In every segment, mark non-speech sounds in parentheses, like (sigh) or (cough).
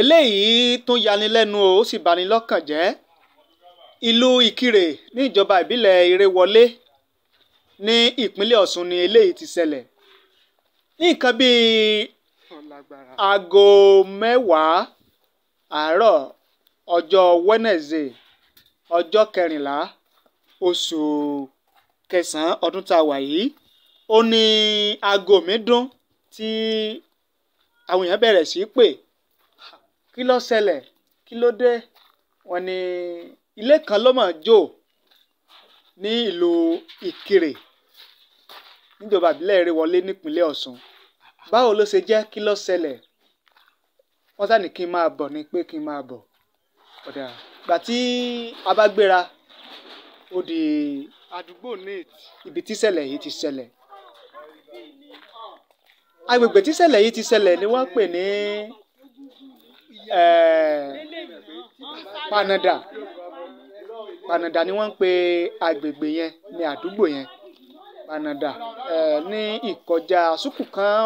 eléyìí tún yanilẹ́nu ó sì bani lọ́kàn jẹ́ ìlú ìkirè ní ìjọba ìbílẹ̀ ìrèwọlé ní ìpínlẹ̀ ọ̀ṣun ni eléyìí ti ṣẹlẹ̀ ní nǹkan bíi aago mẹ́wàá àárọ̀ ọjọ́ wednesday ọjọ́ kẹrìnlá oṣù kẹsàn-án ọdún tá a wà yìí ó ní aago mi dún tí àwọn èèyàn bẹ̀rẹ̀ sí í pè kí ló ṣẹlẹ̀ kí ló dé wọ́n ni ilé kan ló máa jó ní ìlú ìkirè níjọba ìbílẹ̀ Èrèwọlé nípínlẹ̀ Ọ̀ṣun báwo ló ṣe jẹ́ kí ló ṣẹlẹ̀ wọ́n sàní kí n máa bọ̀ ni pé kí n máa bọ̀ ọ̀dà gbà tí a bá gbéra ó di àdúgbò nate ibi tí ṣẹlẹ̀ yìí ti ṣẹlẹ̀ agbègbè tí ṣẹlẹ̀ yìí ti ṣẹlẹ̀ ni wọ́n pè ní Eh, panada panada ni wọ́n ń pe agbègbè yẹn ní àdúgbò yẹn panada eh, ní ìkọjá sùkù kan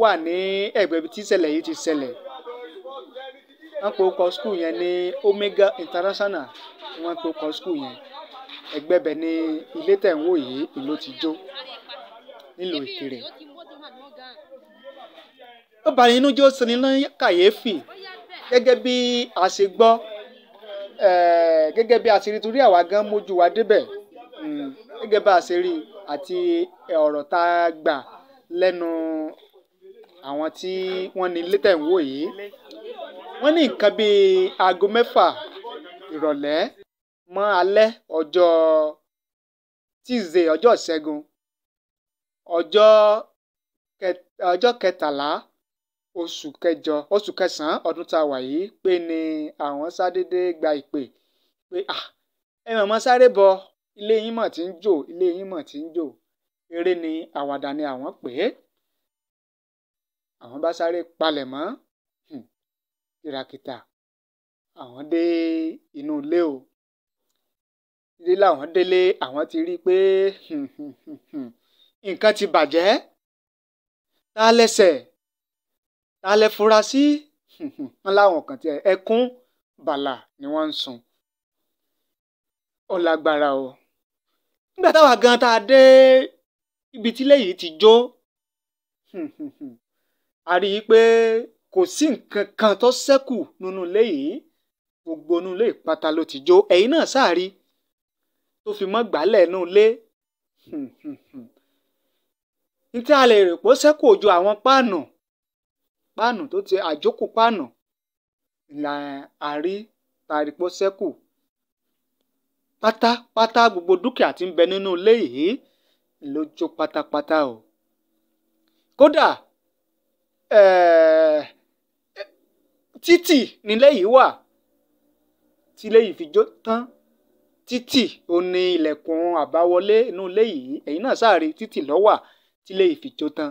wà ní ẹ̀gbẹ́ ibi tí ìṣẹ̀lẹ̀ yìí ti ṣẹlẹ̀ wọ́n pe orúkọ skul yẹn ní Omega International wọ́n pe orúkọ skul yẹn ẹgbẹ́ bẹ̀ ní ilé tẹ̀ ń wò yìí ìlú ti jó nílùú Ìkirè ó bá inú jó sani ní kàyéfì gẹ́gẹ́ bí a ṣe gbọ́ gẹ́gẹ́ bí a ṣe rí torí àwa gan mójú wa débẹ̀ mm, gẹ́gẹ́ bá a ṣe rí àti ọ̀rọ̀ tá a gbà lẹ́nu àwọn tí wọ́n ní létẹ̀ ń wò yìí wọ́n ní nǹkan bíi aago mẹ́fà ìrọ̀lẹ́ mọ́ alẹ́ ọjọ́ tíìzé ọjọ́ ìṣẹ́gun ọjọ́ kẹtàlá oṣù kẹjọ oṣù kẹsàn-án ọdún tá a wà yìí pé ni àwọn sádédé gba ìpè pé ah ẹ mọ̀mọ́ sáré bọ ilé yín mọ̀ tí ń jò ilé yín mọ̀ tí ń jò eré ni àwàdà ni àwọn pè é àwọn bá sáré palẹ̀ mọ́ hmm, kìràkìtà àwọn dé inú ilé o ilé làwọn délé àwọn ti rí i pé hmm, hmm, nǹkan ti bàjẹ́ tá lẹ́sẹ̀ ta lẹ fura sí (laughs) wọn láwọn kan tiẹ̀ ẹkún bàlà ni wọ́n ń sun ó lágbára o nígbà táwa gan tá a dé ibi tílé yìí ti jó (laughs) a rí i pé kò sí nǹkan kan tó ṣẹ́kù nínú ilé yìí gbogbo inú ilé ìpátá ló ti jó ẹ̀yin náà sáàrí tó fi mọ́ gbálẹ̀ inú ilé (laughs) ní tí a lè rè pé ṣẹ́kù ojú àwọn páànù páànù tó ti àjókù páànù là á rí taripó ṣẹ́kù pátápátá gbogbo dúkìá tí ń bẹ nínú ilé yìí ló jó pátápátá o kódà ẹ̀ẹ́ eh, títì nílé yìí wà tí ilé yìí fi jó tán títì ó ní ilẹ̀kùn àbáwọlé inú ilé yìí ẹ̀yin náà sáà rí títì ló tí ilé yìí fi jó tán.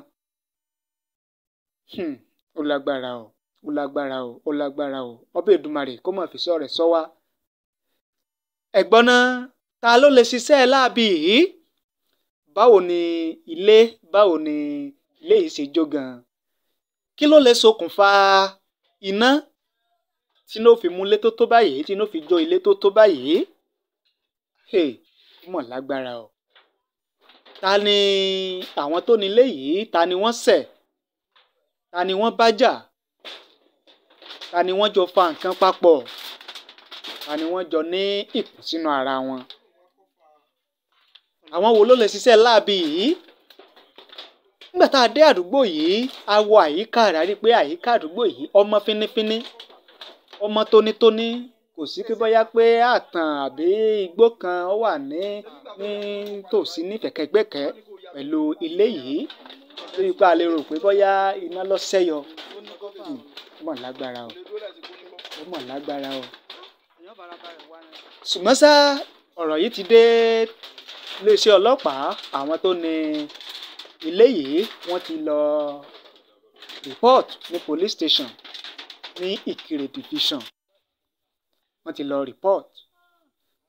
Hmm ó lágbára o ó lágbára o ó lágbára o ọbẹ̀ Èdùmàrè kó má fi sọ́ rẹ̀ sọ wá. ẹ̀gbọ́n náà ta ló lè ṣiṣẹ́ láàbì yìí báwo ni ilé báwo ni ilé yìí ṣe jó gan-an kí ló lè ṣokùnfà iná tí ló fi mú ilé tó tó báyìí tí ló fi jó ilé tó tó báyìí ó mọ̀ lágbára o ta ni àwọn tó nílé yìí ta ni wọ́n ṣẹ̀ ta ni wọ́n bá jà ta ni wọ́n jọ fa nǹkan papọ̀ ta ni wọ́n jọ ní ìkùnsínú ara wọn àwọn wo ló lè ṣiṣẹ́ láabi yìí nígbà tá a dé àdúgbò yìí a wọ àyíká rẹ̀ a rí i pé àyíká àdúgbò yìí ọmọ fínífíní ọmọ tónítóní kò sí pé bóyá pé àtàn àbí igbó kan ó wà ní ní tòsí pẹ̀lú ilé yìí tó yí pa àlè rò pé bóyá iná lọ sẹ́yọ ó mọ̀ lágbára o ó mọ̀ lágbára o ṣùgbọ́n ṣá ọ̀rọ̀ yìí ti dé iléeṣẹ́ ọlọ́pàá àwọn tó ní ilé yìí wọ́n ti lọ report ní police station ní Ìkirè division wọ́n ti lọ report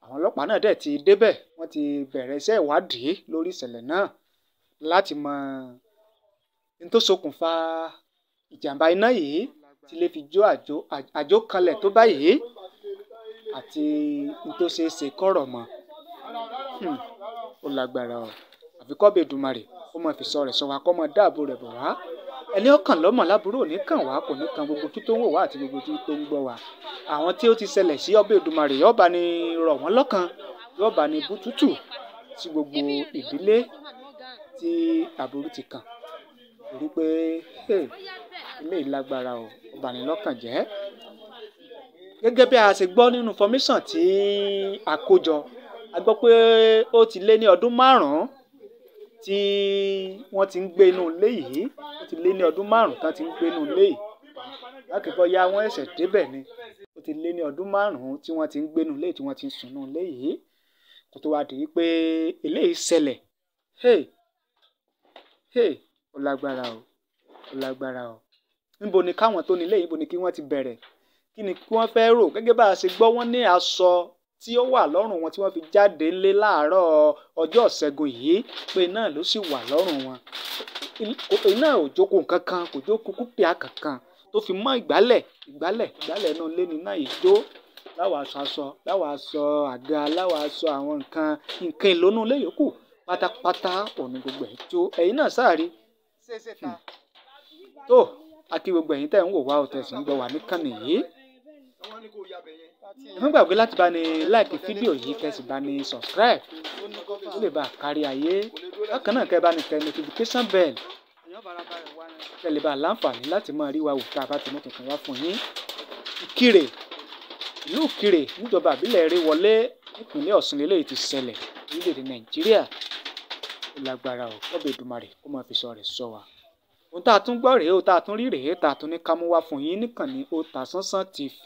àwọn ọlọ́pàá náà dẹ̀ ti débẹ̀ wọ́n ti bẹ̀rẹ̀ iṣẹ́ ìwádìí lórí ìṣẹ̀lẹ̀ náà láti mọ n tó ṣokùnfà ìjàmbá iná yìí tí lè fi jó àjò àjò kanlẹ̀ tó báyìí àti n tó ṣe é ṣe kọ̀rọ̀ mọ́ hmm, ó lágbára o àfi kọ́ bẹ́ẹ̀ dùmarè ó mọ̀ fi sọ rẹ̀ sọ wa kọ́ mọ dáàbò rẹ̀ bọ̀ wá ẹni ọkàn lọ́mọ̀ láburú òní kàn wá kò ní kan gbogbo tí tó ń wò wá àti gbogbo tí tó ń gbọ́ wá àwọn tí ó ti ṣẹlẹ̀ sí ọbẹ̀ Èdùmàrè yọba ni rọ̀ wọ́n lọ́kàn yọba ni bùtútù sí gbogbo ìdílé tí aburú ti kàn torí pé eléyìí hmm, lágbára o jẹ́ gẹ́gẹ́ bí a ṣe gbọ́ nínú information tí a a gbọ́ pé ó ti lé ní ọdún márùn-ún tí wọ́n ti ń gbé inú ilé yìí ó ti lé ní ọdún márùn-ún tán ti ń gbé inú ilé yìí lákìkọ́ ya wọ́n ẹ̀sẹ̀ débẹ̀ ni ó ti lé ní ọdún márùn-ún tí wọ́n ti ń gbé inú ilé yìí tí wọ́n ti ń sùn inú ilé yìí kó tó wá di pé eléyìí ṣẹlẹ̀ hey hey ó lágbára o ó lágbára o níbo ni káwọn tó nílé yìí níbo ni kí wọ́n ti bẹ̀rẹ̀ kí ni kí wọ́n fẹ́ rò gẹ́gẹ́ bá a ṣe gbọ́ wọ́n ní aṣọ tí ó wà lọ́rùn wọn tí wọ́n fi jáde ńlé láàárọ̀ ọjọ́ ìṣẹ́gun yìí pé náà ló sì wà lọ́rùn wọn iná ò jókòó kankan kò jókòó kúpìá kankan tó fi mọ́ ìgbálẹ̀ ìgbálẹ̀ ìgbálẹ̀ náà lé ní ìjó láwọn aṣọ aṣọ láwọn aṣọ àga láwọn aṣọ àwọn nǹkan nǹkan ìlónú ilé yòókù pátápátá òní gbogbo ẹ̀ jó náà sáà rí tó akí gbogbo ẹ̀yin tẹ̀ ń wò wá o tẹ̀sí ń gbọ́ wà níkànnì yìí wọ́n gbàgbé láti bá ní láìkí fídíò yìí kẹ́sì bá ní subscribe ó lè bá a kárí ayé bákan náà kẹ́ bá ní tẹ notification bell kẹ́ lè bá a láǹfààní láti máa rí wa wò tá a bá ti mú tuntun wá fún yín ìkirè ìlú ìkirè níjọba àbílẹ̀ rẹ wọlé nípínlẹ̀ ọ̀sùn lélẹ́yìí ti ṣẹlẹ̀ orílẹ̀-èdè nàìjíríà ó lágbára o ọbẹ̀ Èdùmàrè kó máa fi sọ rẹ̀ sọ wa. ohun tá a tún gbọ́ rèé o tá a tún rí rèé tá a tún ní ká mú wá fún yín nìkan ní Otasansan TV